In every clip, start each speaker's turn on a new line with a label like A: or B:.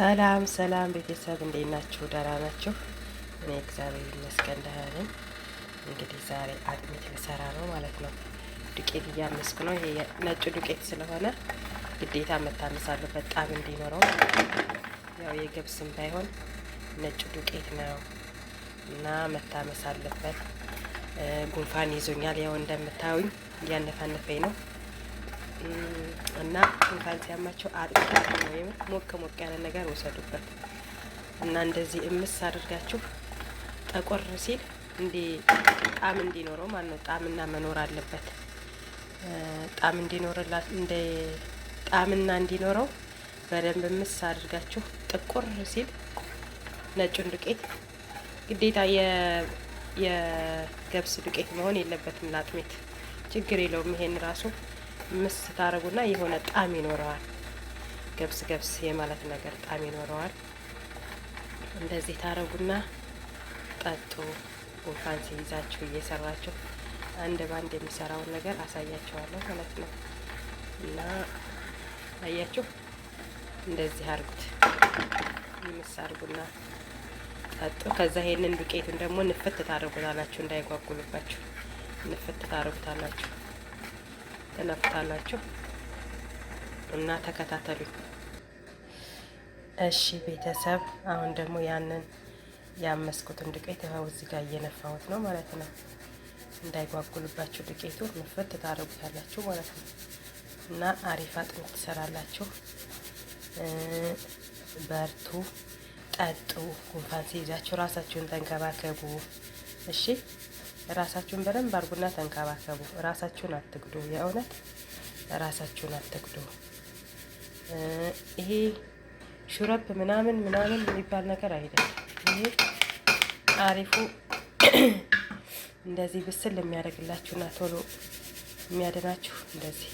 A: ሰላም ሰላም ቤተሰብ እንዴት ናችሁ? ደህና ናችሁ? እኔ እግዚአብሔር ይመስገን ደህና ነኝ። እንግዲህ ዛሬ አጥሚት ልሰራ ነው ማለት ነው። ዱቄት እያመስኩ ነው። ይሄ ነጩ ዱቄት ስለሆነ ግዴታ መታመስ አለበት ጣም እንዲኖረው። ያው የገብስም ባይሆን ነጭ ዱቄት ነው እና መታመስ አለበት። ጉንፋን ይዞኛል። ያው እንደምታዩኝ እያነፋነፈኝ ነው እና እንኳን ሲያማቸው አጥቂት ወይም ሞቅ ሞቅ ያለ ነገር ውሰዱበት እና እንደዚህ እምስ አድርጋችሁ ጠቆር ሲል እንዲ ጣም እንዲኖረው ማለት ነው። ጣምና መኖር አለበት። ጣም እንዲኖርላት እንደ ጣምና እንዲኖረው በደንብ ምስ አድርጋችሁ ጥቁር ሲል ነጩን ዱቄት ግዴታ የገብስ ዱቄት መሆን የለበትም። ላጥሜት ችግር የለውም። ይሄን ራሱ ምስ ስታረጉና የሆነ ጣም ይኖረዋል። ገብስ ገብስ የማለት ነገር ጣም ይኖረዋል። እንደዚህ ታረጉና ጠጡ። ጉንፋን ሲይዛችሁ እየሰራችሁ አንድ ባንድ የሚሰራውን ነገር አሳያችኋለሁ ማለት ነው። እና አያችሁ እንደዚህ አርጉት፣ ምስ አርጉና ጠጡ። ከዛ ይሄንን ዱቄትን ደግሞ ንፍት ታደርጉታላችሁ፣ እንዳይጓጉሉባችሁ ንፍት ታደርጉታላችሁ። ትለፍታላችሁ እና ተከታተሉኝ። እሺ ቤተሰብ፣ አሁን ደግሞ ያንን ያመስኩትን ዱቄት ይኸው እዚህ ጋር እየነፋሁት ነው ማለት ነው። እንዳይጓጉልባችሁ ዱቄቱ ንፍት ታደርጉታላችሁ ማለት ነው እና አሪፍ አጥሚት ትሰራላችሁ። በርቱ፣ ጠጡ። ጉንፋን ሲይዛችሁ ራሳችሁን ተንከባከቡ። እሺ ራሳችሁን በደንብ አርጉና ተንከባከቡ። ራሳችሁን አትግዱ። የእውነት ራሳችሁን አትግዱ። ይሄ ሹረብ ምናምን ምናምን የሚባል ነገር አይደለም። ይሄ አሪፉ እንደዚህ ብስል የሚያደርግላችሁና ቶሎ የሚያደናችሁ እንደዚህ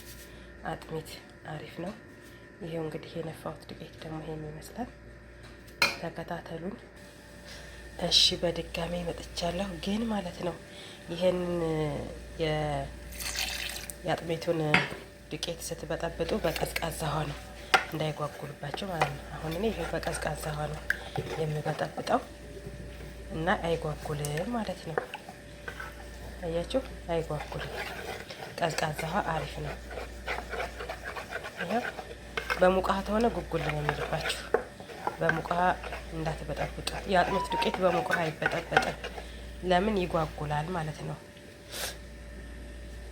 A: አጥሚት አሪፍ ነው። ይሄው እንግዲህ የነፋሁት ዱቄት ደግሞ ይሄን ይመስላል። ተከታተሉን። እሺ በድጋሚ መጥቻለሁ። ግን ማለት ነው ይህን የአጥሜቱን ዱቄት ስትበጠብጡ በቀዝቃዛ ሆኖ እንዳይጓጉልባቸው ማለት ነው። አሁን እኔ ይሄ በቀዝቃዛ ሆኖ የምበጠብጠው እና አይጓጉልም ማለት ነው። አያችሁ፣ አይጓጉልም። ቀዝቃዛ ውሃ አሪፍ ነው። ይኸው በሙቃ ሆነ ጉጉል ነው የሚልባችሁ በሙቃ እንዳትበጠብጡ። የአጥሚት ዱቄት በሙቅ ውሃ አይበጠበጥም። ለምን ይጓጉላል ማለት ነው።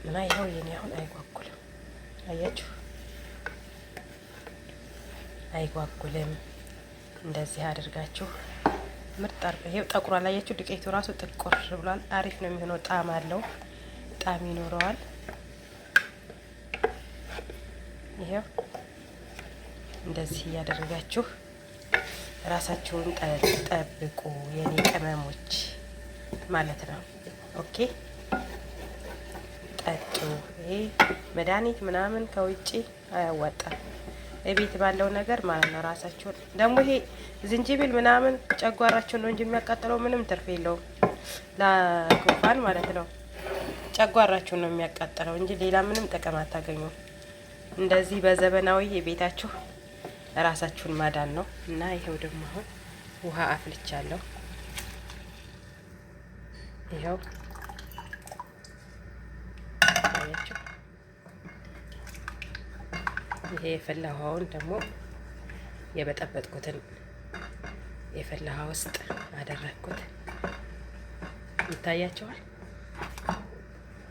A: እና ይኸው የኔ አሁን አይጓጉልም። አያችሁ፣ አይጓጉልም። እንደዚህ አድርጋችሁ ምርጥ አርገ ይሄው ጠቁሯል። አያችሁ፣ ዱቄቱ ራሱ ጥቁር ብሏል። አሪፍ ነው የሚሆነው። ጣዕም አለው፣ ጣዕም ይኖረዋል። ይሄው እንደዚህ እያደረጋችሁ ራሳቸውን ጠብቁ የኔ ቅመሞች ማለት ነው። ኦኬ ጠጡ። ይሄ መድኃኒት ምናምን ከውጭ አያዋጣም። የቤት ባለው ነገር ማለት ነው። ራሳቸውን ደግሞ ይሄ ዝንጅብል ምናምን ጨጓራቸውን ነው እንጂ የሚያቃጥለው ምንም ትርፍ የለውም። ለጉንፋን ማለት ነው። ጨጓራችሁን ነው የሚያቃጥለው እንጂ ሌላ ምንም ጥቅም አታገኙም። እንደዚህ በዘመናዊ የቤታችሁ ራሳችሁን ማዳን ነው እና ይኸው ደግሞ አሁን ውሃ አፍልቻለሁ። ይኸው ያቸው ይሄ የፈላ ውሃውን ደግሞ የበጠበጥኩትን የፈላ ውሃ ውስጥ አደረግኩት። ይታያቸዋል።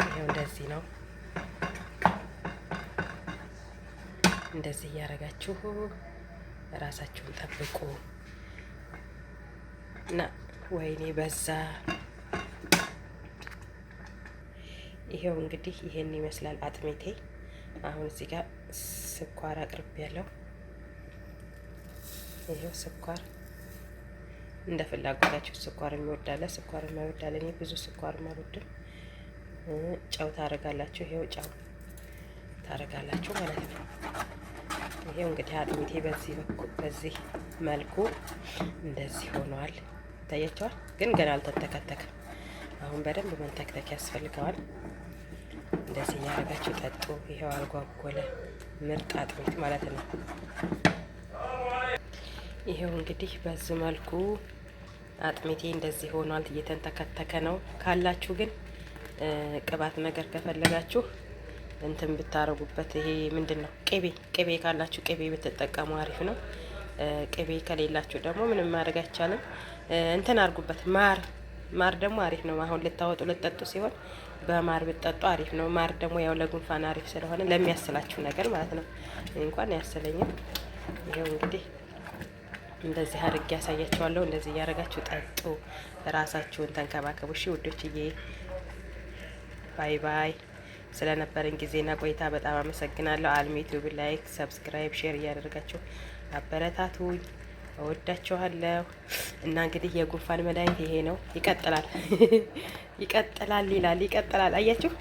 A: ይኸው እንደዚህ ነው። እንደዚህ እያደረጋችሁ ራሳችሁን ጠብቁ እና ወይኔ በዛ። ይሄው እንግዲህ ይሄን ይመስላል አጥሜቴ። አሁን እዚህ ጋር ስኳር አቅርብ ያለው ይሄው ስኳር እንደ ፍላጎታችሁ ስኳር የሚወዳለ ስኳር የማይወዳለ። እኔ ብዙ ስኳር አልወድም። ጨው ታረጋላችሁ። ይሄው ጨው ታረጋላችሁ ማለት ነው። ይሄው እንግዲህ አጥሚቴ በዚህ በኩል በዚህ መልኩ እንደዚህ ሆኗል። ይታያቸዋል፣ ግን ገና አልተተከተከም። አሁን በደንብ መንተክተክ ያስፈልገዋል። እንደዚህ እያደረጋችሁ ጠጡ። ይሄው አልጓጎለ ምርጥ አጥሚት ማለት ነው። ይሄው እንግዲህ በዚህ መልኩ አጥሚቴ እንደዚህ ሆኗል። እየተንተከተከ ነው። ካላችሁ ግን ቅባት ነገር ከፈለጋችሁ እንትን ብታረጉበት። ይሄ ምንድን ነው ቅቤ ቅቤ ካላችሁ ቅቤ ብትጠቀሙ አሪፍ ነው። ቅቤ ከሌላችሁ ደግሞ ምንም ማድረግ አይቻልም። እንትን አድርጉበት። ማር ማር ደግሞ አሪፍ ነው። አሁን ልታወጡ ልጠጡ ሲሆን በማር ብትጠጡ አሪፍ ነው። ማር ደግሞ ያው ለጉንፋን አሪፍ ስለሆነ ለሚያስላችሁ ነገር ማለት ነው። እንኳን ያስለኝም። ይኸው እንግዲህ እንደዚህ አድርጌ ያሳያችኋለሁ። እንደዚህ እያደረጋችሁ ጠጡ፣ ራሳችሁን ተንከባከቡ። እሺ ውዶችዬ፣ ባይ ባይ። ስለነበረን ጊዜና ቆይታ በጣም አመሰግናለሁ። አልሚ ቱብ ላይክ፣ ሰብስክራይብ፣ ሼር እያደረጋችሁ አበረታቱኝ። እወዳችኋለሁ እና እንግዲህ የጉንፋን መድኃኒት ይሄ ነው። ይቀጥላል ይቀጥላል ይላል ይቀጥላል። አያችሁ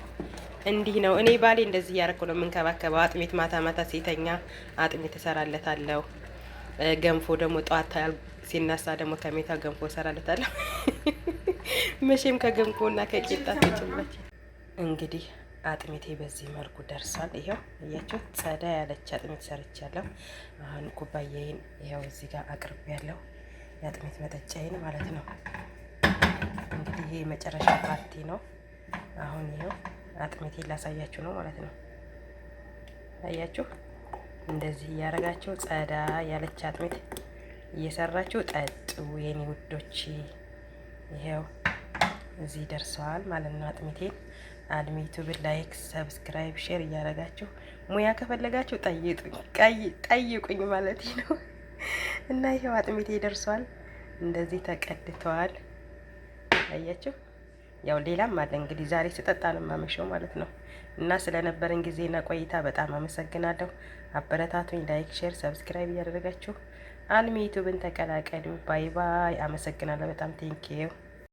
A: እንዲህ ነው። እኔ ባሌ እንደዚህ እያረኩ ነው የምንከባከበው። አጥሜት ማታ ማታ ሲተኛ አጥሜት እሰራለታለሁ። ገንፎ ደግሞ ጠዋት ሲነሳ ደግሞ ከሜታ ገንፎ እሰራለታለሁ። መቼም ከገንፎና ከቂጣ ተጭማች እንግዲህ አጥሚቴ በዚህ መልኩ ደርሷል። ይኸው እያቸው ጸዳ ያለች አጥሚት ሰርቻለሁ። አሁን ኩባያዬን ይኸው እዚህ ጋር አቅርብ ያለው የአጥሚት መጠጫዬን ማለት ነው። እንግዲህ ይሄ የመጨረሻ ፓርቲ ነው። አሁን ይኸው አጥሚቴ ላሳያችሁ ነው ማለት ነው። አያችሁ እንደዚህ እያደረጋችሁ ጸዳ ያለች አጥሚት እየሰራችሁ ጠጡ የኔ ውዶች ይኸው እዚህ ደርሰዋል ማለት ነው። አጥሚቴን አድሚ ዩቱብ ላይክ፣ ሰብስክራይብ፣ ሼር እያደረጋችሁ ሙያ ከፈለጋችሁ ጠይቁኝ ማለት ነው። እና ይሄው አጥሚቴ ደርሰዋል። እንደዚህ ተቀድተዋል። አያችሁ፣ ያው ሌላም አለ እንግዲህ ዛሬ ስጠጣ ነው የማመሸው ማለት ነው። እና ስለነበረን ጊዜና ቆይታ በጣም አመሰግናለሁ። አበረታቱኝ። ላይክ፣ ሼር፣ ሰብስክራይብ እያደረጋችሁ አልሚ ዩቱብን ተቀላቀሉ። ባይ ባይ። አመሰግናለሁ በጣም ቴንኪዩ።